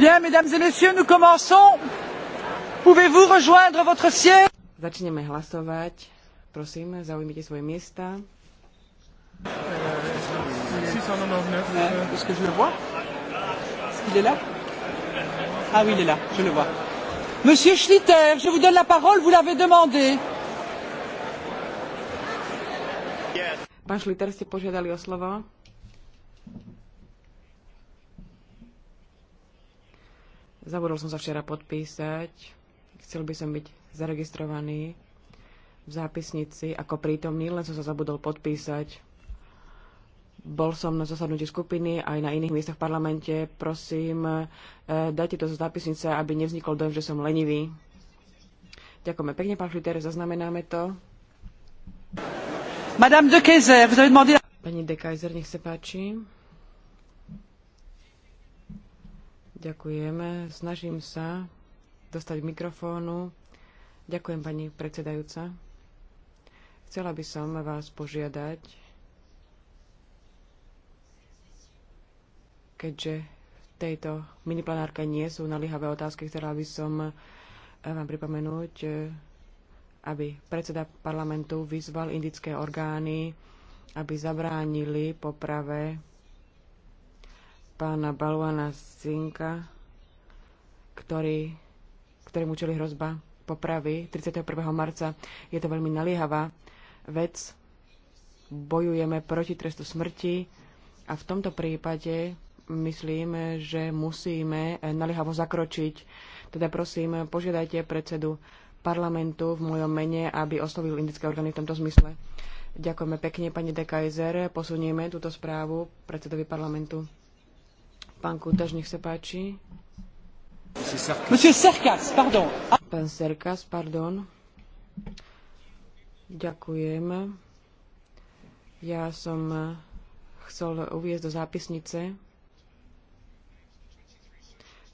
Bien, mesdames et messieurs, nous commençons. Pouvez-vous rejoindre votre siège? Začneme hlasovať. Prosím, zaujmite svoje miesta. Est-ce que je le vois? Est-ce qu'il est là? Ah oui, il est là, je le vois. Monsieur Schlitter, je vous donne la parole, vous l'avez demandé. Pán Schlitter, ste požiadali o slovo. Zabudol som sa včera podpísať. Chcel by som byť zaregistrovaný v zápisnici ako prítomný, len som sa zabudol podpísať. Bol som na zasadnutí skupiny aj na iných miestach v parlamente. Prosím, eh, dajte to zo zápisnice, aby nevznikol dojem, že som lenivý. Ďakujeme pekne, pán Šliter, zaznamenáme to. Madame de Kaiser, vous avez demandé... Pani de Kaiser, nech sa páči. Ďakujeme. Snažím sa dostať k mikrofónu. Ďakujem, pani predsedajúca. Chcela by som vás požiadať, keďže v tejto miniplanárke nie sú nalihavé otázky, chcela by som eh, vám pripomenúť, eh, aby predseda parlamentu vyzval indické orgány, aby zabránili poprave pána Baluana Zinka, ktorý, ktorému čeli hrozba popravy 31. marca. Je to veľmi naliehavá vec. Bojujeme proti trestu smrti a v tomto prípade myslím, že musíme naliehavo zakročiť. Teda prosím, požiadajte predsedu parlamentu v mojom mene, aby oslovil indické orgány v tomto zmysle. Ďakujeme pekne, pani de Kaiser. Posunieme túto správu predsedovi parlamentu. Pán nech sa páči. Monsieur Serkas, pardon. Pán Serkas, pardon. Ďakujem. Ja som chcel uviezť do zápisnice.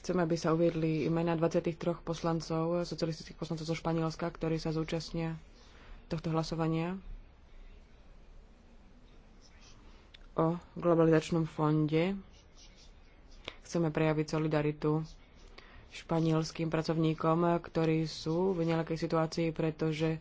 Chcem, aby sa uviedli imena 23 poslancov, socialistických poslancov zo Španielska, ktorí sa zúčastnia tohto hlasovania o globalizačnom fonde. Chceme prejaviť solidaritu španielským pracovníkom, ktorí sú v nejakej situácii, pretože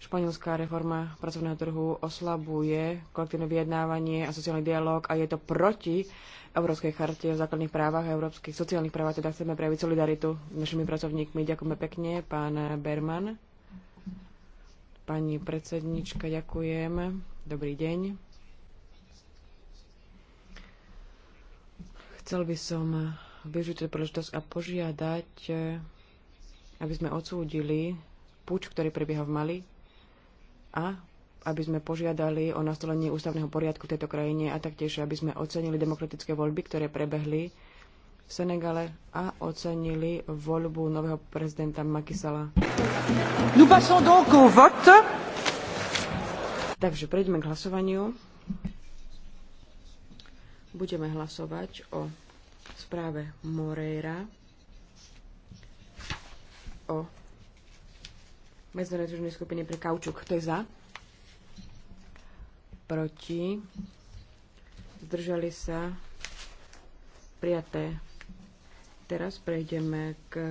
španielská reforma pracovného trhu oslabuje kolektívne vyjednávanie a sociálny dialog a je to proti Európskej charte o základných právach a európskych sociálnych právach. Teda chceme prejaviť solidaritu s našimi pracovníkmi. Ďakujeme pekne, pán Berman. Pani predsednička, ďakujem. Dobrý deň. Chcel by som využiť túto príležitosť a požiadať, e, aby sme odsúdili puč, ktorý prebieha v Mali a aby sme požiadali o nastolenie ústavného poriadku v tejto krajine a taktiež, aby sme ocenili demokratické voľby, ktoré prebehli v Senegale a ocenili voľbu nového prezidenta Makisala. Takže prejdeme k hlasovaniu budeme hlasovať o správe Moreira o medzinárodnej skupine pre kaučuk. Kto je za? Proti? Zdržali sa? Prijaté. Teraz prejdeme k